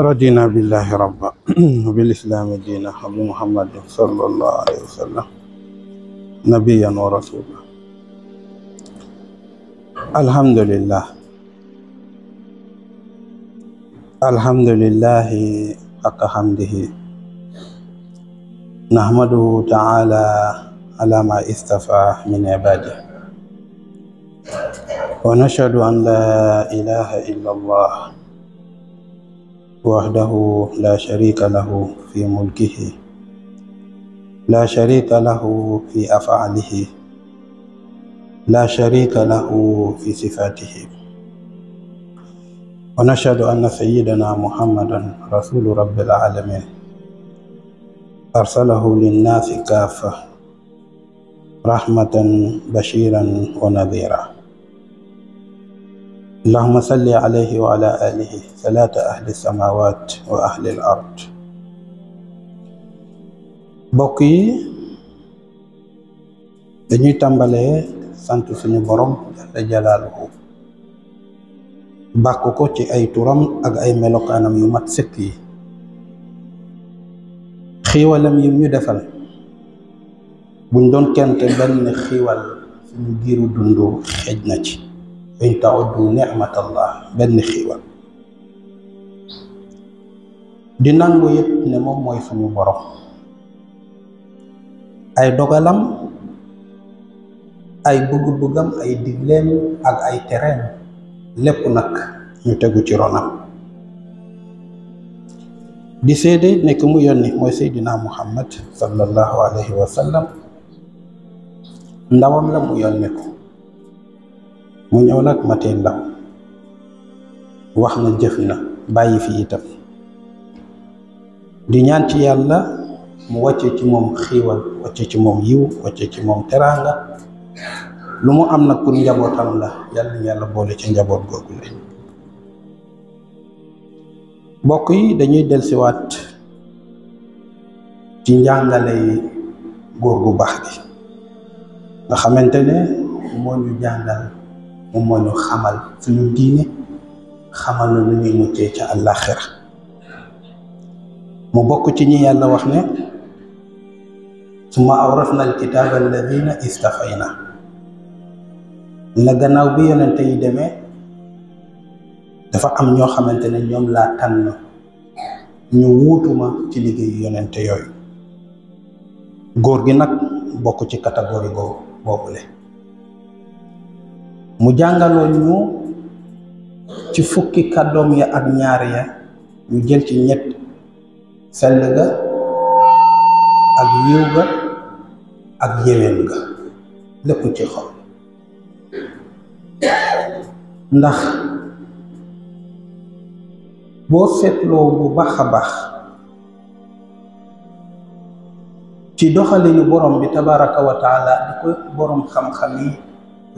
رضينا بالله ربا وبالإسلام دينا وبمحمد صلى الله عليه وسلم نبيا ورسولا الحمد لله الحمد لله حق حمده نحمده تعالى على ما استفى من عباده ونشهد أن لا إله إلا الله وحده لا شريك له في ملكه لا شريك له في أفعاله لا شريك له في صفاته ونشهد أن سيدنا محمدا رسول رب العالمين أرسله للناس كافة رحمة بشيرا ونذيرا اللهم صل عليه وعلى آله صلاة أهل السماوات وأهل الأرض mbokk yi dañuy tàmbalee sant suñu borom jalla jalaaluhu ko ci ay turam ak ay melokaanam yu mat sëkk yi xiiwalam yi ñu defal buñ doon kente benn xiiwal suñu giiru dundu xeej na ci in tauddu nicmatallah benn xiiwal di nangu yëpp ne moom mooy suñu borom ay dogalam ay bëgg-bëggam ay digleem ak ay tereem lépp nag ñu tegu ci ronam di seede nekk mu yónni mooy seydina muhammad sallallahu alayhi wa ndawam la mu yónni mu ñëw nag ma tee ndaw wax na jëf na bàyyi fi itam di ñaan ci yàlla mu wàcce ci moom xiiwal wàcce ci moom yiw wàcce ci moom teraanga lu mu am na pour njabootam la yàlla yàlla boole ci njaboot googu la mbokk yi dañuy delsiwaat ci njàngale yi góor gu baax gi nga xamante ne moo ñu jàngal moom moo ñu xamal suñu diine xamal na nu ñuy muccee ca àllaaxira mu bokk ci ñi yàlla wax ne suma awrasna alkitaaba alladina istafayna na gannaaw bi yonente yi demee dafa am ñoo xamante ne ñoom laa tànn ñu wuutuma ci liggéeyu yonente yooyu góor gi nag bokk ci catégorie boobu boobule mu jàngaloon ñu ci fukki kàddoom ya ak ñaar ya ñu jël ci ñett sell ga ak yiw ga ak yéwén ga lépp ci xol ndax boo seetloo bu baax a baax ci doxalinu borom bi tabaraka wa di ko borom xam-xam yi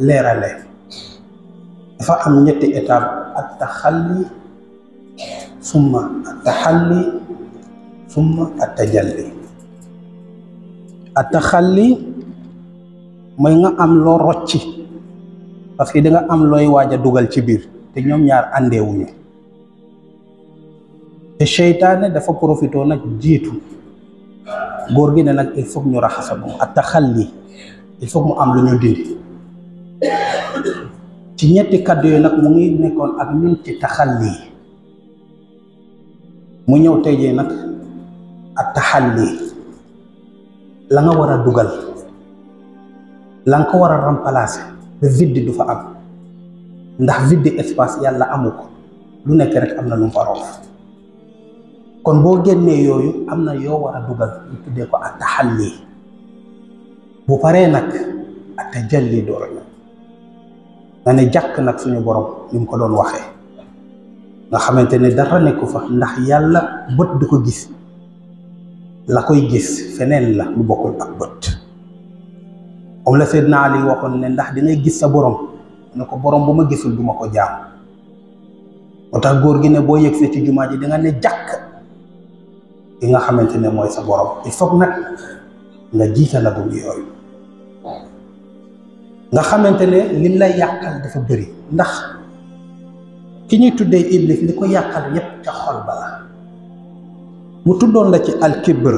leerale dafa am ñetti étape ak taxalli summa ak taxalli summa ak tajalli ak taxalli mooy nga am loo rocci parce que da am looy waaj a dugal ci biir te ñoom ñaar àndeewuñu te seytaane dafa profitoo nag jiitu boor gi ne nag il faut ñu raxasa moom ak taxalli il faut mu am lu ñu dindi ci ñetti kàddu yooyu nag mu ngi nekkoon ak ñun ci taxalli mu ñëw tey jii nag ak taxalli la nga war a dugal la nga ko war a remplacer ba vide du fa am ndax vide espace yàlla amu ko lu nekk rek am na lu mu kon boo génnee yooyu am na yoo war a dugal ñu tuddee ko ak taxalli bu paree nag ak tajalli door na ne jàkk nag suñu borom ni mu ko doon waxee nga xamante ne dara nekku fa ndax yàlla bët du ko gis la koy gis feneen la lu bokkul ak bët moom la Seydina Ali waxoon ne ndax dina gis sa borom ne ko borom bu ma gisul bu ma ko jaam moo tax góor gi ne boo yëgsee ci jumaa ji di ne jàkk ki nga xamante ne mooy sa borom il faut nag nga jiital la bu yooyu nga xamante ne lim lay yàqal dafa bëri ndax ki ñuy tuddee iblis li ko yàqal yépp ca xol ba mu tuddoon la ci alkibr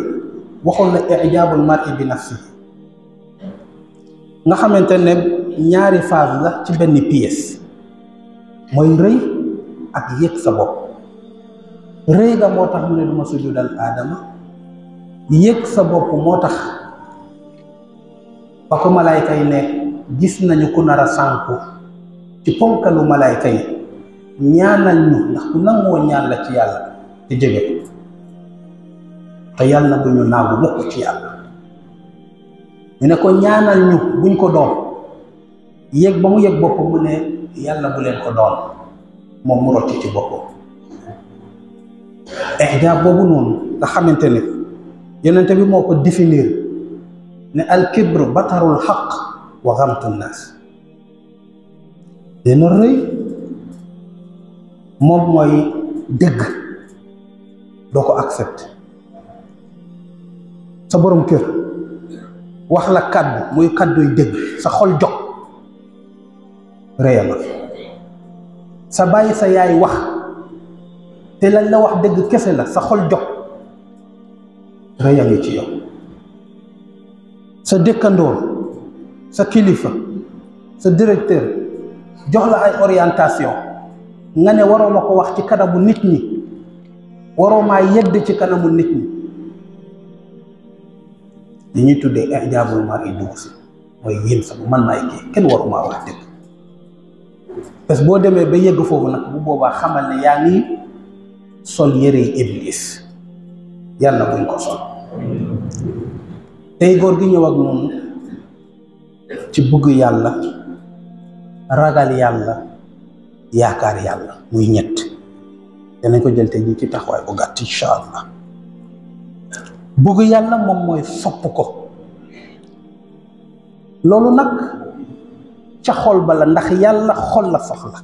waxoon la ijaabul mar'i bi nafsi nga xamante ne ñaari phase la ci benn pièce mooy rëy ak yëg sa bopp rëy ga moo tax mu ne duma sujudal aadama yëg sa bopp moo tax ba ko malaayka yi ne gis nañu ku nara a sànku ci ponkalu malayka yi ñaanal ñu ndax ku nangoo ñaan la ci yàlla te jege te yàlla bu ñu naagu mukk ci yàlla ñu ko ñaanal ñu buñ ko doon yéeg ba mu yéeg bopp mu ne yàlla bu leen ko doon moom mu rocc ci boppam ihjaa boobu noonu nga xamante ne yonente bi moo ko définir ne alkibru batarul xaq wa xamtu naas dina rëy moom mooy dëgg doo ko accepté sa boroom kër wax la kàddu muy kàdduy dëgg sa xol jog réyama sa bàyyi sa yaay wax te lañ la wax dëgg kese la sa xol jog réya ngi ci yow sa dëkkandoor sa kilifa sa directeur jox la ay orientation nga ne waroo ko wax ci kanamu nit ñi waroo maa yedd ci kanamu nit ñi li ñuy tuddee ijaabul maa a man maay wax dëgg parce que boo demee ba yegg foofu nag bu boobaa xamal ne yaa ngi sol yëre yi iblis yàlla buñ ko sol tey góor gi ñëw ak noonu ci bëgg yàlla ragal yàlla yaakaar yàlla muy ñett danañ ko jël te ñu ci taxawaay bu gàtt incha bëgg yàlla moom mooy fopp ko loolu nag ca xol bala ndax yàlla xol la soxla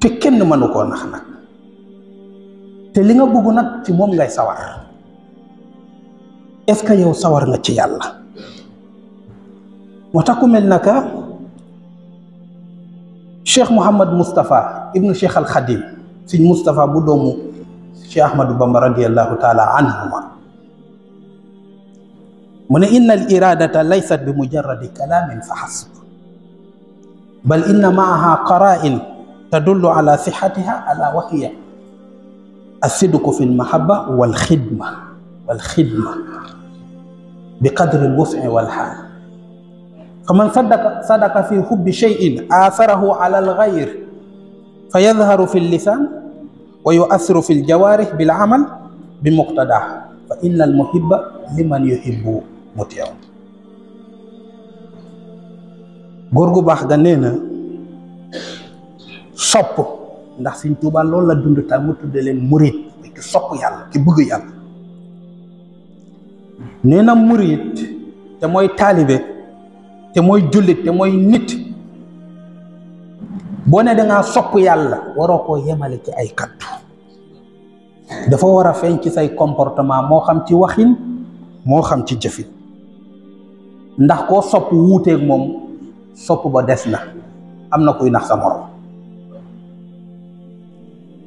te kenn mënu koo nax nag te li nga bëgg nag ci moom ngay sawar est-ce que yow sawar nga ci yàlla وتكمل نكا شيخ محمد مصطفى ابن شيخ الخديم سي مصطفى بودومو شيخ احمد بامبا رضي الله تعالى عنهما من ان الاراده ليست بمجرد كلام فحسب بل ان معها قرائن تدل على صحتها الا وهي الصدق في المحبه والخدمه والخدمه بقدر الوسع والحال faman sadaka sadaka fi hubbi cheyin aasarahu ala alxayr fa yadharu fi llisaan wa yuassiru fi ljawaarih bil amal bi muqtadaa fa inna almuhibba liman yuhibbu mutiyaw góor gu baax ga nee na sopp ndax Sëñ Tuubaa loolu la dund ta mu tudde leen murit ki sopp yàlla ki bëgg yàlla nee na murit te mooy taalibe te mooy jullit te mooy nit boo ne dangaa sopp yàlla waroo koo yemale ci ay kaddu dafa war a feeñ ci say comportement moo xam ci waxin moo xam ci jëfin ndax koo sopp wuuteeg moom sopp ba des na am na kuy nax sa morom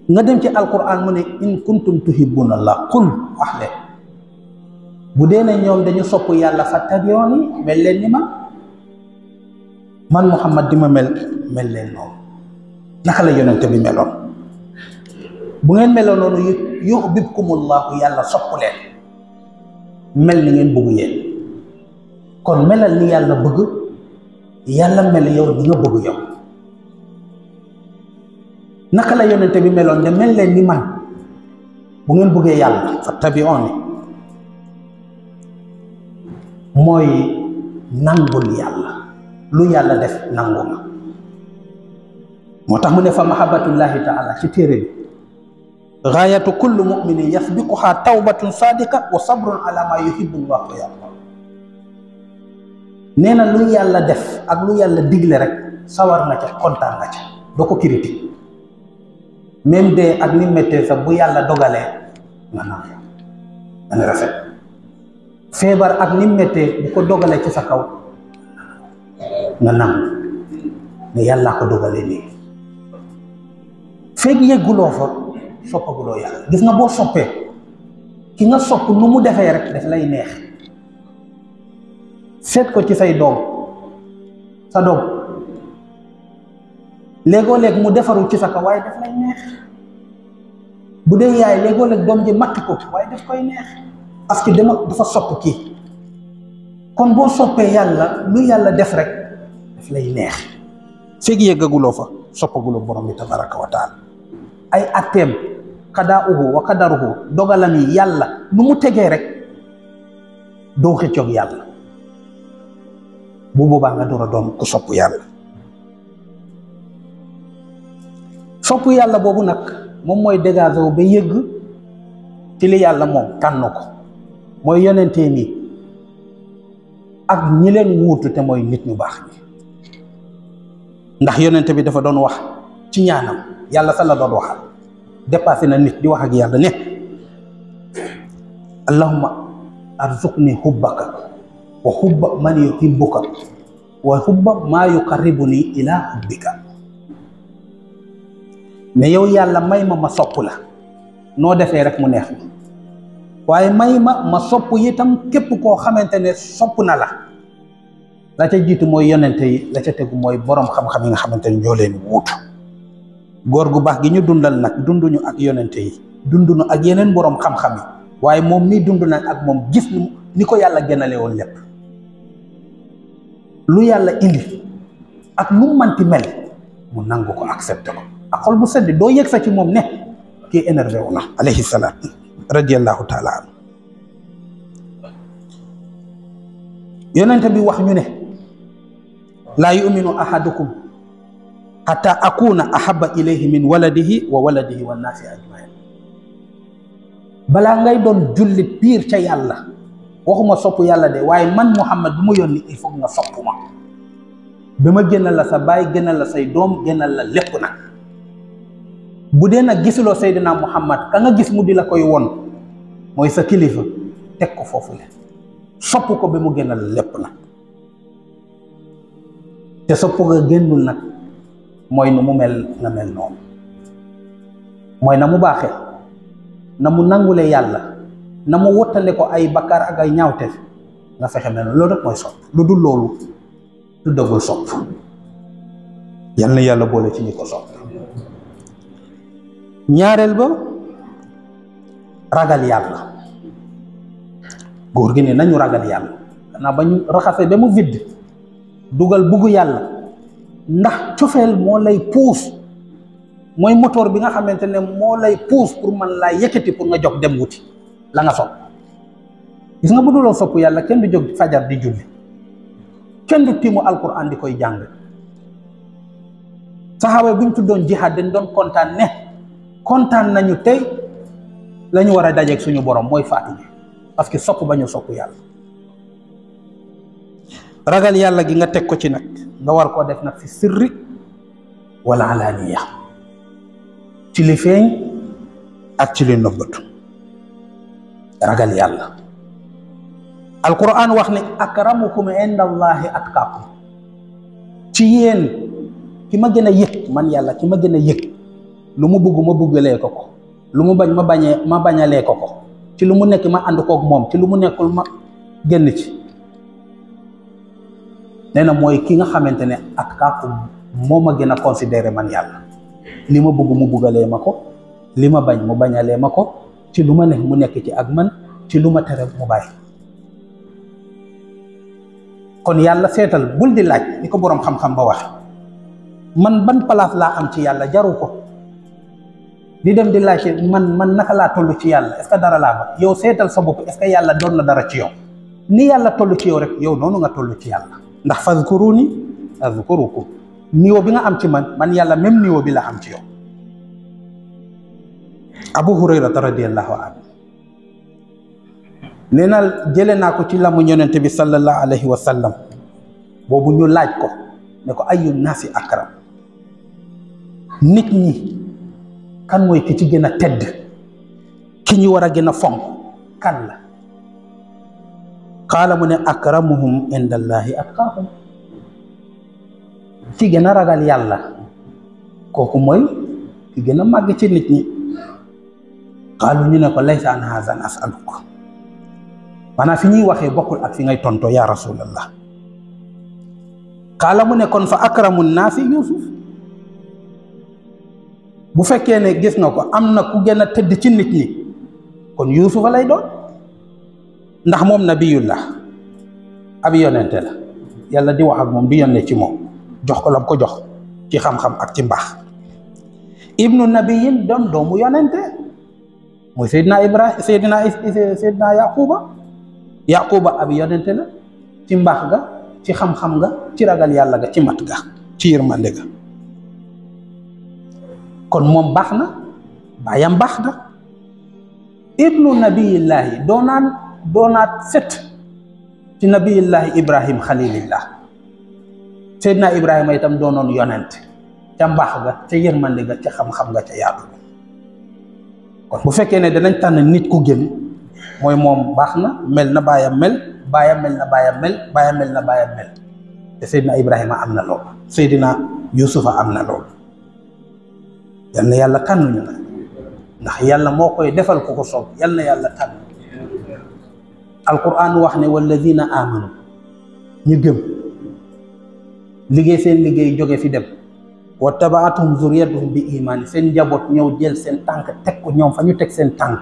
nga dem ci alquran mu ne in kuntum tuhibbuna allah qul wax leen bu dee ne ñoom dañu sopp yàlla fa tabiyoon mel leen ma man Muhammad di ma mel mel leen noonu naka la yonent bi meloon bu ngeen meloon noonu yuhbibkumullahu yàlla sopp leen mel ni ngeen bëgg yéen kon melal ni yàlla bëgg yàlla mel yow di nga bëgg yow naka la yonent bi meloon de mel leen ni man bu ngeen bëggee yàlla fattabi'uni mooy nangul yàlla lu yàlla def nangu ma moo tax mu ne fa mahabbatullahi taala ci téere bi gaayatu kulli muminin yasbiquha tawbatun sadika wa sabrun ala ma yuhibbu llahu wa nee na yàlla def ak lu yàlla digle rek sawar na ca kontaan na ca doo ko critique de ak ni méttee sax bu yàlla dogale nga nangu danga rafet feebar ak ni méttee bu ko dogalee ci sa kaw nga nangu ne yàllaa ko dogalee nii fekk yëgguloo fa soppaguloo yàlla gis nga boo soppee ki nga sopp lu mu defee rek daf lay neex seet ko ci say doom sa doom léegoo léeg mu defaru ci sa kaw waaye daf lay neex bu dee yaay léegoo léeg doom ji matt ko waaye daf koy neex parce que dama dafa sopp kii kon boo soppee yàlla lu yàlla def rek daf lay neex feeg yeggaguloo fa soppaguloo borom bi tabaraka wa taala ay atteem xadaa uhu wa xadaruhu dogalam yi yàlla nu mu tegee rek doo xëccoog yàlla bu boobaa nga door a ku sopp yàlla sopp yàlla boobu nag moom mooy dégagé ba yëgg ci li yàlla moom tànn ko mooy yonentee mi ak ñi leen wuutu te mooy nit ñu baax ndax yonent bi dafa doon wax ci ñaanam yàlla sa la doon waxal dépassé na nit di wax ak yàlla ne allahumma arzuqni hubbaka wa hubba man yuhibbuka wa hubba maa yuqarribuni ilaa hubbika mais yow yàlla may ma ma sopp la noo defee rek mu neex waaye may ma ma sopp itam képp koo xamante ne sopp na la la ca jiitu mooy yonente yi la ca tegu mooy boroom xam-xam yi nga xamante ni ñoo leen wuutu góor gu baax gi ñu dundal nag dunduñu ak yonente yi dunduñu ak yeneen borom xam waaye moom mii dund nag ak moom gis ni ko yàlla gënale woon lépp lu yàlla indi ak lu manti mel mu nangu ko accepté ko ak xol sedd doo yëg sa moom ne kii énervé wu na alayhi yonente bi wax ñu ne la yuminu ahadukum hatta akuna ahaba ilayhi min waladihi wa waladihi wa naasi ajmain balaa ngay doon jullit piir ca yàlla waxuma sopp yàlla de waaye man Muhammad bu ma yónni il faut nga sopp ma dama génnal la sa baay génnal la say doom génnal la lépp nag bu dee nag gisuloo Seydina Muhammad ka nga gis mu di la koy won mooy sa kilifa teg ko foofu le sopp ko ba mu génnal la lépp nag te sa poga génnul nag mooy nu mu mel la mel noonu mooy na mu baaxee na mu nangule yàlla na mu wottale ko ay bakkaar ak ay ñaawte nga fexe mel loolu rek mooy sopp loolu du dëggul sopp yal na yàlla boole ci ñi ko sopp ñaareel ba ragal yàlla góor gi ne nañu ragal yàlla xanaa ba ñu raxase ba vidd dugal bugg yàlla ndax cofeel moo lay puus mooy moteur bi nga xamante ne moo lay puus pour man laa yëkkati pour nga jóg dem wuti la nga sopp gis nga bu duloo sopp yàlla kenn du jóg fajar di julli kenn du tiimu alquran di koy jàng saxaaba buñ tuddoon jihaad dañ doon kontaan ne kontaan nañu tey la ñu war a dajeeg suñu borom mooy faatu bi parce que sopp ba ñu sopp yàlla ragal yàlla gi nga teg ko ci nag nga war koo def nag fi sirri wala alaaniya ci li feeñ ak ci li nëbbatu ragal yàlla alquran wax ne akramukum inda allahi atqaakum ci yéen ki ma gën a yëg man yàlla ki ma gën a yëg lu mu bëgg ma bëggalee ko ko lu mu bañ ma bañee ma bañalee ko ko ci lu mu nekk ma ànd koog moom ci lu mu nekkul ma génn ci nee moy ki nga xamantene ne ak kàqu moo ma gën a man yalla lima bëgg mu bëggalé mako lima bañ mu bañalé mako ci luma neex mu nekk ci ak man ci luma téré mu bay kon yalla sétal bul di laaj niko borom xam-xam ba wax man ban place la am ci yalla jaru ko di dem di laaj man man naka la tollu ci yalla est-ce dara la ba yow sétal sa bop est-ce yalla don la dara ci yow ni yalla tollu ci yow rek yow nonu nga tollu ci yalla ndax fadkuruni adkurukum niveau bi nga am ci man man yàlla même niwo bi la am ci yow abu hurayrata radiallahu anhu nee na jële naa ko ci lamu yonente bi sallallahu alayhi wa sallam boobu ñu laaj ko ne ko ayu naasi akram nit ñi kan mooy ki ci gën a tedd ki ñu war a gën a fonk kan la qaala mu ne akramuhum indallahi atqaahum ki gën a ragal yàlla kooku moy ki gën a màgg ci nit ñi xaalu ñu ne ko laysa an haazan asaluk maanaam fi ñuy waxee bokkul ak fi ngay tonto yaa rasulallah xaala mu ne kon fa akramu naasi yusuf bu fekkee ne gis na ko am na ku gën a tëdd ci nit ñi kon yusufa lay doon ndax mom nabiyullah ab yonente la yàlla di wax ak mom di yonne ci mom jox ko lam ko jox ci xam-xam ak ci mbax ibnu nabiyin dom doomu yonente mooy sayyidina ibrahim seydina sayyidina yaquba yaquba ab yonente la ci mbax ga ci xam-xam ga ci ragal yàlla ga ci mat ga ci yërmande ga kon mom baxna bayam baayam ibnu nabiyillahi doonaat sët ci nabiyullahi ibrahim xalilillah seydna ibrahima itam doonoon yonent ca mbaax ga ca yërmande ga ca xam-xam nga ca yaatu kon bu fekkee ne danañ tànn nit ku gën mooy moom baax na mel na baayam mel baayam mel na baayam mel baayam mel na baayam mel te seydna ibrahima am na loolu seydna yusufa am na loolu yal na yàlla tànn ñu na ndax yàlla moo koy defal ku ko soob yal na yàlla tànn alquran wax ne walladina amanu ñu gëm liggéey seen liggéey jóge fi dem wa tabaatum zuriyatuhum bi imaani seen njaboot ñëw jël seen tànk teg ko ñoom fa ñu teg seen tànk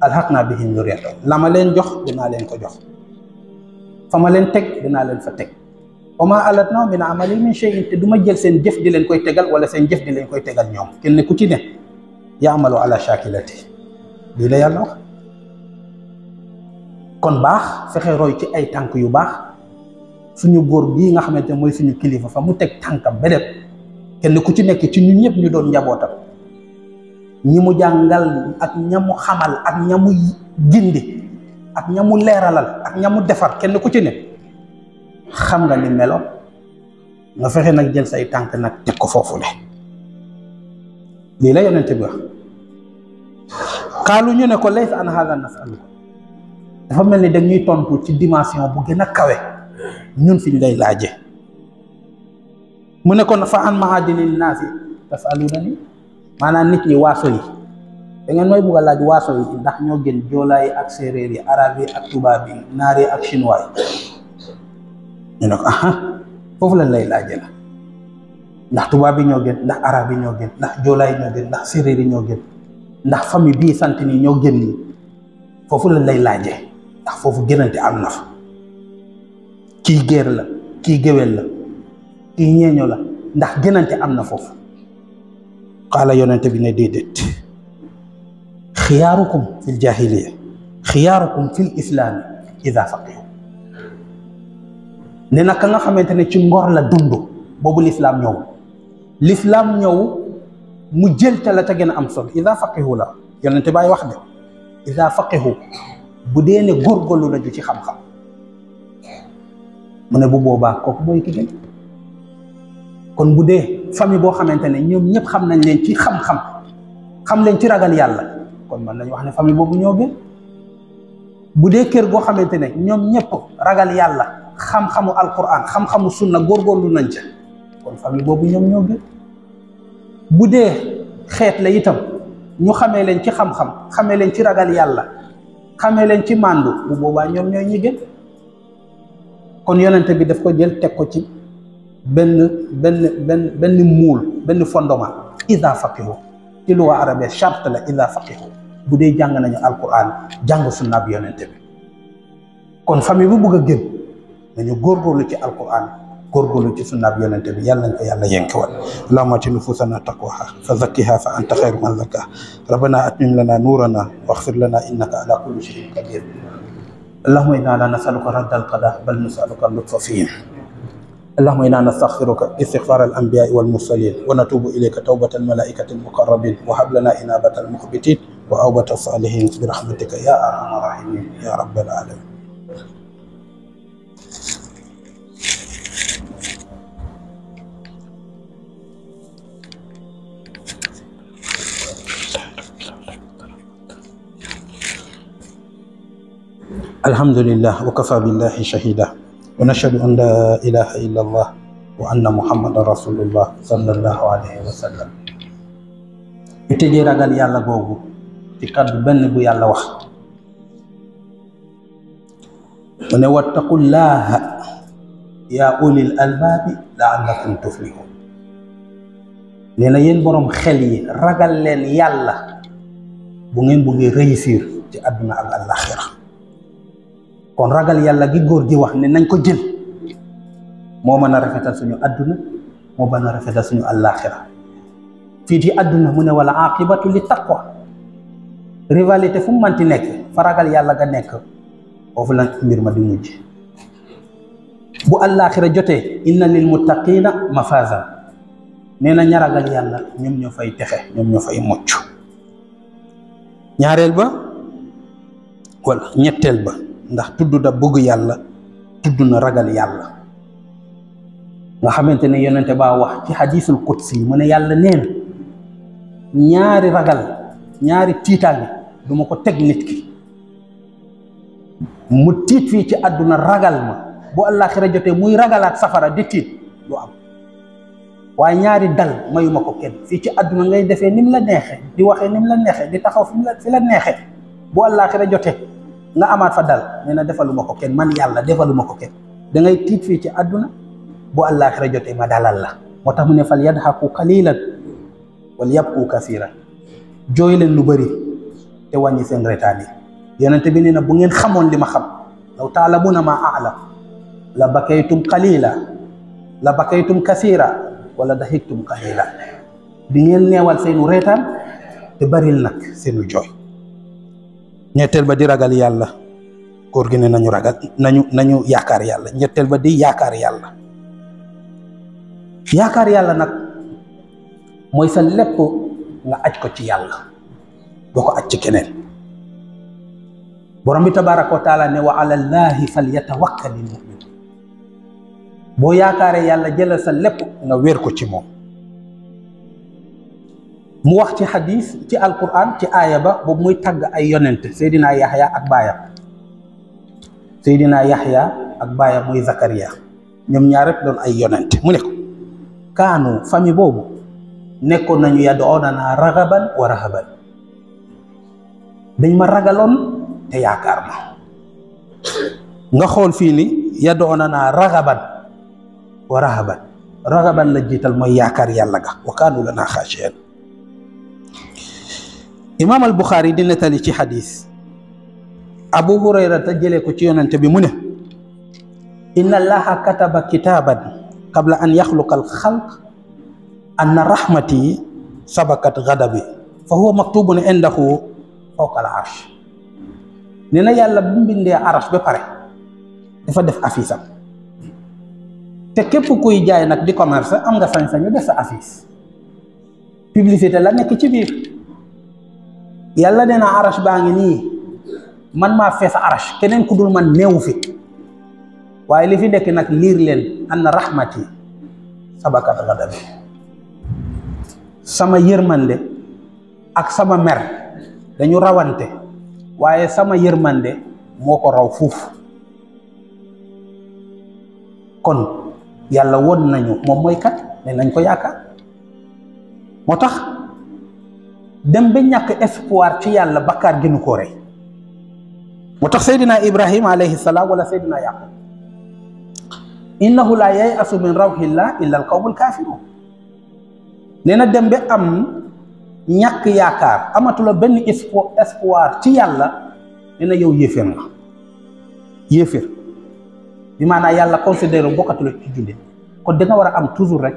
alxaq naa bihim zuriyatuhum la ma leen jox dinaa leen ko jox fa ma leen teg dinaa leen fa teg wa ma bi na amali min shay'in te du ma jël seen jëf di leen koy tegal wala seen jëf di leen koy tegal ñoom kenn ku ci ne yaamalu ala shakilati lii la yàlla wax kon baax fexe roy ci ay tànk yu baax suñu góor bii nga xamante ne mooy suñu kilifa fa mu teg tànkam bedeb kenn ku ci nekk ci ñu ñëpp ñu doon njabootam ñi mu jàngal ak ña mu xamal ak ña mu gindi ak ña mu leeralal ak ña mu defar kenn ku ci nekk xam nga ni melo nga fexe nag jël say tànk nag teg ko foofu le lii la yonente bi wax xaalu ñu ne ko laysa an hada nasaluko dafa mel ni dañuy tontu ci dimension bu gën a kawe ñun fi lay laaje mu ne kon fa an mahadinil naasi tasaluuna ni maanaam nit ñi waaso yi da ngeen mooy bugg a laaj waaso yi ndax ñoo gën joolaay ak séeréer yi arab yi ak tubaab yi naar yi ak lañ lay laaje ndax tubaab yi ñoo gën ndax arab bi ñoo gën ndax joolaa yi ñoo gën séeréer yi ñoo gën ndax famille bii sant nii ñoo gën foofu lañ lay laaje ndax foofu gënante am na fa kii géer la kii géwél la kii ñeeño la ndax gënante am na foofu qaala yonente bi ne déedéet xiyaarukum fil jahiliya xiyaarukum fil islaami ida faqihu ne na ka nga xamante ne ci ngor la dund boobu lislaam ñëw lislaam ñëw mu jël te la te gën a am solo ida faqihu la yonente baay wax de ida faqihu budene gorgolu ne na ju ci xam-xam mune bu boba kooku moy ki gën kon budé fami bo xamantene xamante ne ñoom ñëpp xam nañ leen ci xam-xam xam leen ci ragal yàlla kon man lañ wax ne fami bobu ñoo gën budé kër go xamantene ne ñoom ñëpp ragal yàlla xam-xamu alquran xam-xamu sunna gorgolu nañ ci kon fami bobu ñoom ñoo gën budé xet la itam ñu xamé leen ci xam-xam xamé leen ci ragal yàlla xamee leen ci màndu bu boobaa ñoom ñooy ñi gën kon yonent bi daf ko jël teg ko ci benn benn benn benn muul benn fondement ida faqihu ci luwa arabe charte la ida faqihu bu dee jàng nañu alquran jàng sunna bi yonent bi kon famille bu bëgg a gën nañu góorgóorlu ci alquran قرب لو تيسو نبي يونت بي يالا نكو يالا اللهم اجعل نفوسنا تقواها فزكها فانت خير من زكا ربنا اتمم لنا نورنا واغفر لنا انك على كل شيء قدير اللهم انا لا نسالك رد القضاء بل نسالك اللطف فيه اللهم انا نستغفرك استغفار الانبياء والمرسلين ونتوب اليك توبه الملائكه المقربين وهب لنا انابه المخبتين وعوبه الصالحين برحمتك يا ارحم الراحمين يا رب العالمين الحمد لله وكفى بالله شهيدا ونشهد ان لا اله الا الله وان محمد رسول الله صلى الله عليه وسلم تيجي راغال يالا بوغو تي كاد بن بو يالا واخ من واتق الله يا اولي الالباب لعلكم تفلحون نينا يين بوروم خيلي راغال لين يالا بو نين بوغي ريسير تي ادنا الاخره kon ragal yàlla gi gor gi wax ne nañ ko jël mo meuna rafetal suñu aduna mo mën rafetal suñu alakhirah fi di aduna mu ne wala aqibatu li taqwa rivalité fu manti nek fa ragal yàlla ga nek fofu la mbir ma di mujj bu alakhirah joté inna lil muttaqina mafaza neena ñaragal yàlla ñom ñoo fay texe ñom ñoo fay mucc ñaarel ba wala ñettel ba ndax tudd na bëgg yàlla tudd na ragal yàlla nga xamante ne yonente baa wax ci xadiisul qudsi mu ne yàlla neen ñaari ragal ñaari tiitaange du ma ko teg nit ki mu tiit fii ci àdduna ragal ma bu àllaaxira jotee muy ragalaat safara di tiit du am waaye ñaari dal mayuma ko kenn fii ci àdduna ngay defee ni mu la neexee di waxee ni la neexee di taxaw fi la fi la neexee bu àllaaxira jotee nga amaat fa dal nee na defaluma ko kenn man yàlla defaluma ko kenn dangay tiit fii ci àdduna bu àllaaxira jotee ma dalal la moo tax mu ne fal yadhaku qalilan wal yabku kasiran jooy leen lu bëri te wàññi seen retaan yi bi na bu ngeen xamoon li ma xam law taalamuna ma la bakaytum qalila la bakaytum kasira wala dahiktum qalila di ngeen neewal seenu reetaan te baril nag seenu jooy ñetteel ba di ragal yàlla góor gi nañu ragal nañu nañu yaakaar yàlla ñetteel ba di yaakaar yàlla yaakaar yàlla nag mooy sa lépp nga aj ko ci yàlla doo ko aj ci keneen borom bi tabaaraka wa taala ne wa ala llaahi fal yatawakkali lmu'min boo yaakaaree yàlla jëlal sa lépp nga wéer ko ci moom mu wax ci xadis ci alquran ci aaya ba boobu muy tagg ay yonent seydinaa yaxya ak baayam seydinaa ak baayam muy zakariya ñoom ñaar rek doon ay yonent mu ne kaanu famille boobu nekkoon nañu yadoonanaa ragaban wa rahaban dañ ma ragaloon te yaakaar ma nga xool fii ni yadoonanaa ragaban wa rahaban ragaban la jiital mooy yaakaar yàlla ga wa kaanu lanaa xaashiin imam al-bukhari di nettali ci xadis abu hurayra ta jëlee ko ci yonante bi mu ne inna allaha kataba kitaban qabla an yaxluqa alxalq anna rahmati sabakat gadabi fa huwa maktubun indahu fawqa al arsh nee na yàlla bu mbindee arsh ba pare dafa def affiche am te képp kuy jaay nag di commerce am nga sañ-sañu def sa affiche publicité la nekk ci biir Yalla dina na arash baangi ni man ma fess arash kenen kudul man newu fi waye li fi nek nak lir len anna rahmati sama yermande, ak sama mer dañu rawante waye sama yermande moko raw fuf kon yalla won nañu mom moy kat ne nañ ko yaaka motax dem ba ñàkk espoir ci yàlla bakkaar ginu koo rey moo tax seydina ibrahim alayhi salaam wala seydina yaqub innahu laa yayasu min rawhillah illa al qawmul kafirun nee na dem ba am ñàkk yaakaar amatula benn espoir ci yàlla nee na yow yéeféer nga yéeféer bi maanaam yàlla considéré bokkatula ci jullit kon da nga war a am toujours rek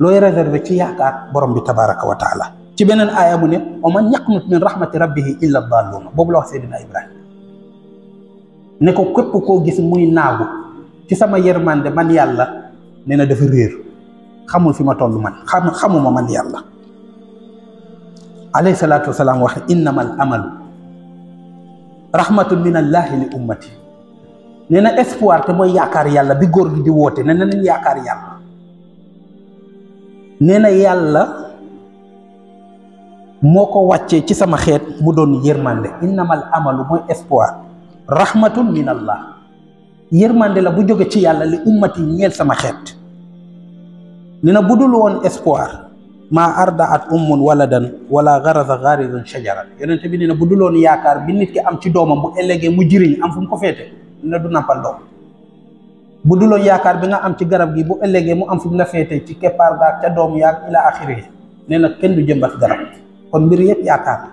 looy réservé ci yaakaar borom bi tabaraka wa taala ci beneen aaya mu ne wa man yaqnut min rahmati rabbihi illa dalluna boobu la wax Seydina Ibrahima ne ko képp koo gis muy naagu ci sama yërmande man yàlla nee na dafa réer xamul fi ma toll man xam xamuma man yàlla alayhi salaatu wasalaam wax innama al amalu rahmatun min allahi li ummati nee na espoir te mooy yaakaar yàlla bi góor gi di woote nee na nañ yaakaar yàlla nee na yàlla moko wacce ci sama xet mu don yermande innamal amalu moy espoir rahmatun minallah. allah la bu joge ci yalla li ummati ñeel sama xet nina budul won dul at espoir maa ummun waladan wala garaza gharizun shajara yonente bi nee budul won yaakar bi nit ki am ci doomam bu ëllëgee mu jiriñ am fu ko fete ne du nampal doom budul won yaakar bi nga am ci garab gi bu ëllëgee mu am fu la fete ci kepar ga ca doom yaak ila akhirih nena kenn du jëmbat garab kon mbir yëpp yaakaar ba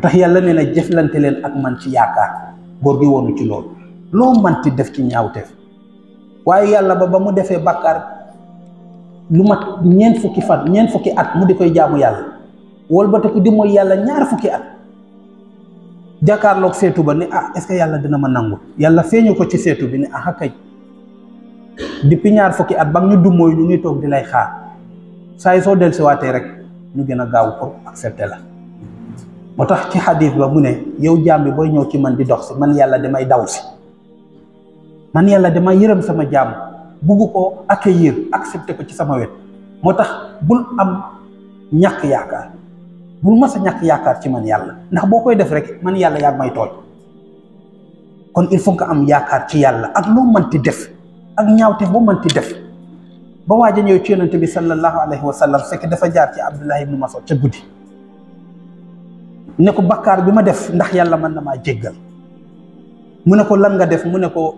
tax yàlla nee na jëflante leen ak man ci yaakaar góor gi woonu ci loolu loo manti def ci ñaawteef waaye yàlla ba ba mu defee bàkkaar lu mat ñeent fukki fan ñeent fukki at mu di koy jaamu yàlla wëlbatiku di mooy yàlla ñaar fukki at jàkkaarloog seetu ba ni ah est yàlla dina ma nangu yàlla feeñu ko ci seetu bi ni ah kay depuis ñaar fukki at ba ñu du mooy ñu ngi toog di lay xaar saa yi soo dellusiwaatee rek ñu gën a gaaw ko accepter la moo tax ci xadis ba mu ne yow jaam bi booy ñëw ci man di dox si man yàlla damay daw si man yàlla damay yërëm sama jaam ko koo accueillir accepter ko ci sama wet moo tax bul am ñàkk yaakaar bul mas a ñàkk yaakaar ci man yàlla ndax boo koy def rek man yàlla yaa may tooñ kon il faut nga am yaakaar ci yàlla ak loo mënti def ak ñaawte boo mënti def ba waaj a ñëw ci yonent bi sallallahu alayhi wa sallam fekk dafa jaar ci Abdullah ibnu Mas'ud ca guddi ne ko bakkaar bi ma def ndax yàlla mën na maa jéggal mu ne ko lan nga def mu ne ko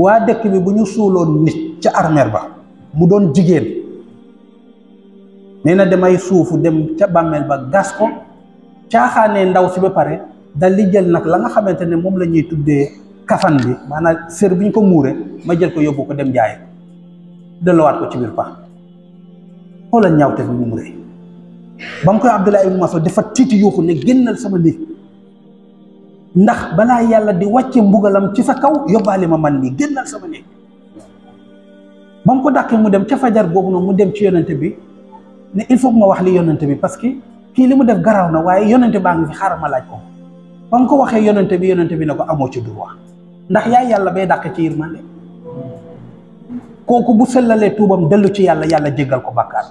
waa dëkk bi bu ñu suuloon nit ca armeer ba mu doon jigéen nee na dem ay suufu dem ca bàmmeel ba gas ko caaxaanee ndaw si ba pare dal li jël nag la nga xamante ne moom la ñuy tuddee kafan bi maanaam sër bi ñu ko muure ma jël ko yóbbu ko dem jaay delloowaat ko ci biir pax xoolal ñaawte bi mu muure ba mu koy Abdullah ibn Mas'ud dafa tiiti yuuxu ne génnal sama néeg ndax balaa yàlla di wàcce mbugalam ci sa kaw yóbbaale ma man nii génnal sama néeg ba mu ko dàqee mu dem ca fajar boobu noonu mu dem ci yonente bi ne il faut que ma wax li yonente bi parce que kii li mu def garaaw na waaye yonente baa ngi fi xaaral ma laaj ko ba waxee yonente bi yonente bi ne ko amoo ci droit ndax yaay yàlla bay dàq ci yërmande kooku bu sellalee tuubam dellu ci yàlla yàlla jéggal ko bàkkaar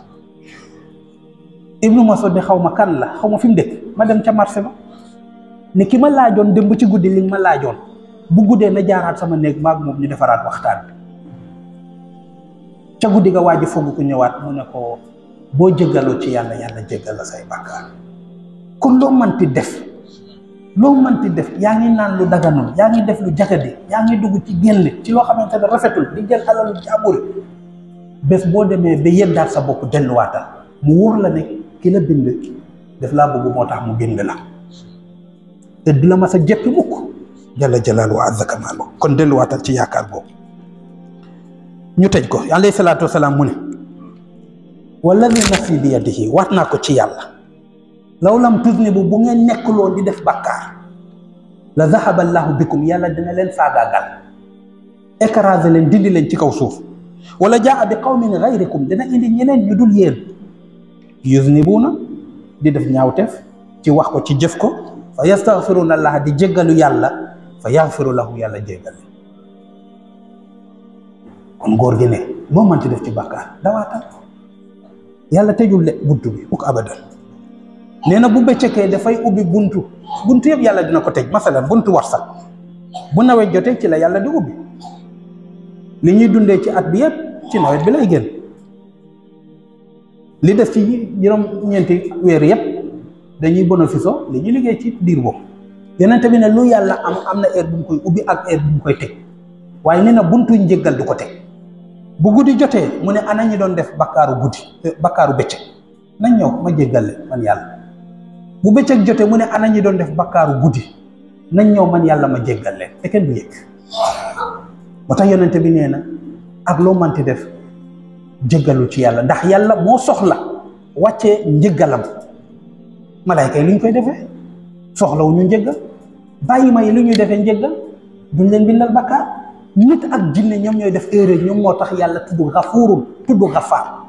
ibnu Mas'ud ne xaw ma kan la xaw ma fi mu dëkk ma dem ca marché ba ne ki ma laajoon dem ba ci guddi li ma laajoon bu guddee na jaaraat sama néeg maag moom ñu defaraat waxtaan bi ca guddi nga waa ji foog ko ñëwaat mu ne ko boo jéggaloo ci yàlla yàlla jéggal la say bàkkaar kon loo manti def loo mënti def yaa ngi naan lu daganul yaa ngi def lu jagadi yaa ngi dugg ci génn ci loo xamante ne rafetul di jël alalu jàmbur bés boo demee ba daal sa bopp delluwaatal mu wóor la ne ki la bind def laa bëgg moo tax mu bind la te du la ma sa jëppi mukk jalla jalaalu wa azza kamaalu kon delluwaatal ci yaakaar boobu ñu tëj ko alayhi salaatu wasalaam mu ne walladi nafsi bi yadihi waat naa ko ci yàlla لو لم تذنبوا بوغن نيكلون دي ديف بكار لا ذهب الله بكم يلا دنا لين فاغاغال اكراز لين ديندي لين تي كاو سوف ولا جاء بقوم غيركم دنا اندي نينن ني دول يير يذنبونا دي ديف نياوتف تي واخكو تي جيفكو فيستغفرون الله دي جيغالو يالا فيغفر له يالا جيغال كون غور جي ني مو مانتي ديف تي بكار دواتا يالا تيجول بودو بي ابدا nee na bu bëccëgee dafay ubbi buntu buntu yëpp yàlla dina ko tëj masalan buntu warsak bu nawet jotee ci la yàlla di ubbi li ñuy dundee ci at bi yëpp ci nawet bi lay génn li def ci juróom-ñeenti weer yëpp dañuy bénéfice li ñuy liggéey ci diir boobu yeneen tamit ne lu yàlla am am na heure bu mu koy ubbi ak heure bu mu koy teg waaye nee na buntu njëggal du ko teg bu guddi jotee mu ne ana ñi doon def bakkaaru guddi bakkaaru bëccëg nañ ñëw ma jéggal leen man yàlla. bu bëccëg jotté mu ne ana ñi doon def bakkaaru goudi nañ ñëw man yàlla ma jéggal leen te kenn du yëg ba tax yonente bi néna ak lo manti def jéggalu ci yàlla ndax yàlla mo soxla waccé njëggalam malaayka yi ñu koy défé soxla wu ñu njëggal bàyyi ma yi lu ñuy défé njëggal duñ leen bindal bakkaar nit ak jinne ñom ñoy def erreur ñom moo tax yàlla tuddu xafuurun tuddu ghafar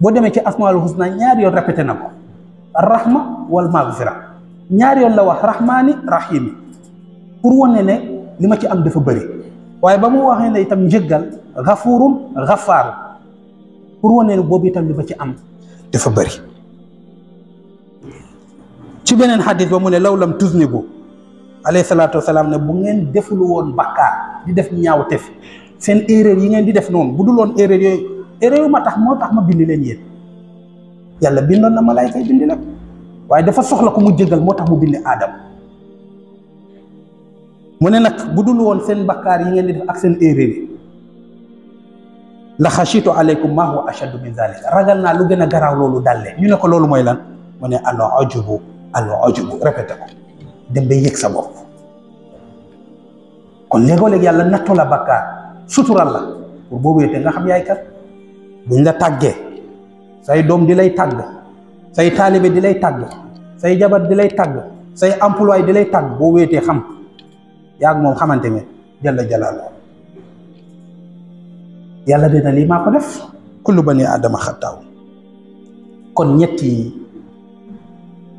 bo démé ci asmaul husna ñaar yo répété nako rahma wal maghfira ñaar yoon la wax rahmaani rahimi pour wane ne li ma ci am dafa bëri waaye ba mu waxee ne itam njëggal gafurum gafaaru pour wane ne boobu itam li ma ci am dafa bari ci beneen xadis ba mu ne law lam tuznibu alayhi salaatu wasalaam ne bu ngeen deful woon bakkaar di def ñaaw tef seen erreur yi ngeen di def noonu bu dul woon erreur yooyu erreur yu ma tax moo tax ma bind leen yéen yàlla bindon na malaika bindi nag waye dafa soxla ko mu jëgal motax mu bindi adam mune nak budul won sen woon yi ngeen di def ak sen erreur la khashitu alaykum ma huwa ashad min zalik ragal na lu gëna garaw lolu dalé ñu ne ko lolu moy lan mune ne al ujubu al ujubu répété ko dem be yek sa bop kon lego leg yàlla natula la sutural la pour boobu yëte nga xam yaay kat buñ la taggé say doom di lay tàgg say taalibe di lay tàgg say jabar di lay tàgg say emploi di lay tàgg boo wéetee xam yaag moom xamante ne jalla jalaal yàlla dina lii maa ko def kullu bani aadama xattaaw kon ñetti yi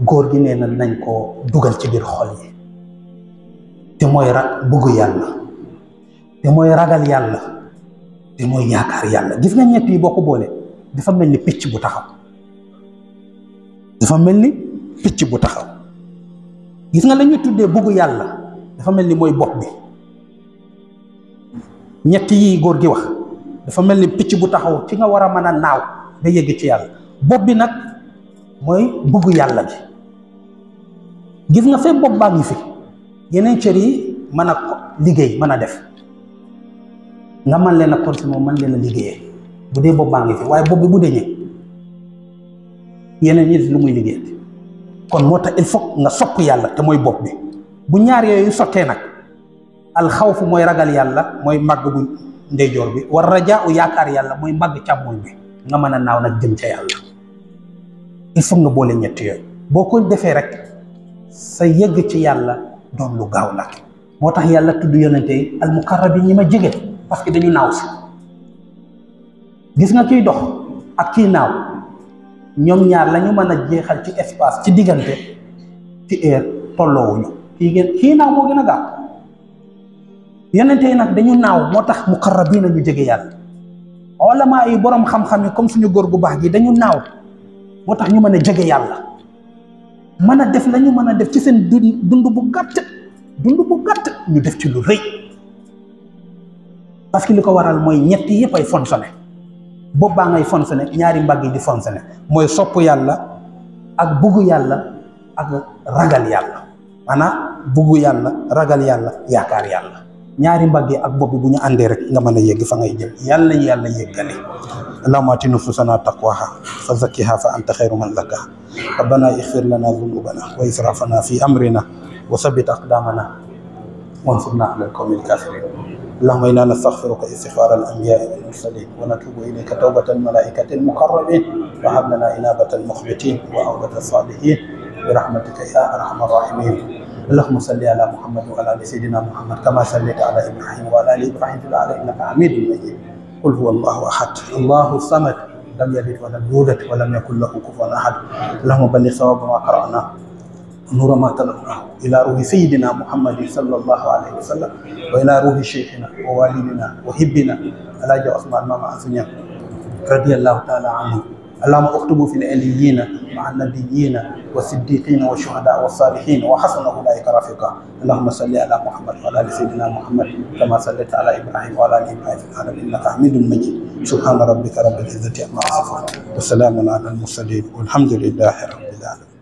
góor gi nee na nañ ko dugal ci biir xol yi te mooy rag bëggu yàlla te mooy ragal yàlla te mooy yaakaar yàlla gis nga ñett yi boo ko boole dafa mel ni picc bu taxaw dafa mel ni picc bu taxaw gis nga lañuy tuddee bugg yàlla dafa mel ni mooy bopp bi ñett yi góor gi wax dafa mel ni picc bu taxaw ci nga war a mën a naaw ba yëgg ci yàlla bopp bi nag mooy bëggu yàlla bi gis nga fee bopp baa ngi fi yeneen cër yi mën a liggéey mën a def nga man leen a continuer mën leen a liggéeyee bu dee bopp baa ngi fi waaye bopp bi bu deñee yeneen ñi lu muy liggéey kon moo tax il faut nga sopp yàlla te mooy bopp bi bu ñaar yooyu sottee nag alxawfu mooy ragal yàlla mooy màgg bu ndeyjoor bi war rajaau yaakaar yàlla mooy màgg càmmooñ bi nga mën a naaw nag jëm ca yàlla il faut nga boole ñett yooyu boo ko defee rek sa yëgg ci yàlla doon lu gaaw la moo tax yàlla tudd yonente yi almuqarrabin ma jege parce dañu naaw si gis nga kiy dox ak kiy naaw ñoom ñaar lañu mën a jeexal ci espace ci diggante ci air tolloowuñu kii gën kii naaw moo gën a gaaw yenente yi nag dañu naaw moo tax muqarrabiina ñu jege yàlla olamaa ay boroom xam-xam yi comme suñu góor gu baax gi dañu naaw moo tax ñu mën a jege yàlla mën a def lañu ñu mën a def ci seen dund bu gàtt dund bu gàtt ñu def ci lu rëy parce que li ko waral mooy ñett yëpp ay fonctionné bopp baa ngay fonctionné ñaari mbagg yi di fonctionné mooy sopp yàlla ak buggu yàlla ak ragal yàlla maanaam bugg yàlla ragal yàlla yaakaar yàlla ñaari mbagg yi ak bopp bu ñu àndee rek nga mën a yegg fa ngay jëm yàlla ñu yàlla yeggale allahumma ati nufusana taqwaha fa zakkiha fa anta xayru man zakkaha rabbana ixfir lana zunubana wa israfana fi amrina wa sabit aqdamana wansurna ala alqawmi alkafirin اللهم إنا نستغفرك استغفار الأنبياء والمرسلين ونتوب إليك توبة الملائكة المقربين وهب لنا إنابة المخبتين وعودة الصالحين برحمتك يا أرحم الراحمين اللهم صل على محمد وعلى ال سيدنا محمد كما صليت على ابراهيم وعلى ال ابراهيم في العالمين انك حميد مجيد قل هو الله احد الله الصمد لم يلد ولم يولد ولم يكن له كفوا احد اللهم بلغ ثواب ما قرانا نور ما تلقاه إلى روح سيدنا محمد صلى الله عليه وسلم وإلى روح شيخنا ووالدنا وحبنا الحاج عثمان ماما عثمان رضي الله تعالى عنه اللهم اكتبه في الاليين مع النبيين والصديقين والشهداء والصالحين وحسن اولئك رفيقا اللهم صل على محمد وعلى ال سيدنا محمد كما صليت على ابراهيم وعلى ال ابراهيم في العالمين انك حميد مجيد سبحان ربك رب العزه عما يصفون وسلام على المرسلين والحمد لله رب العالمين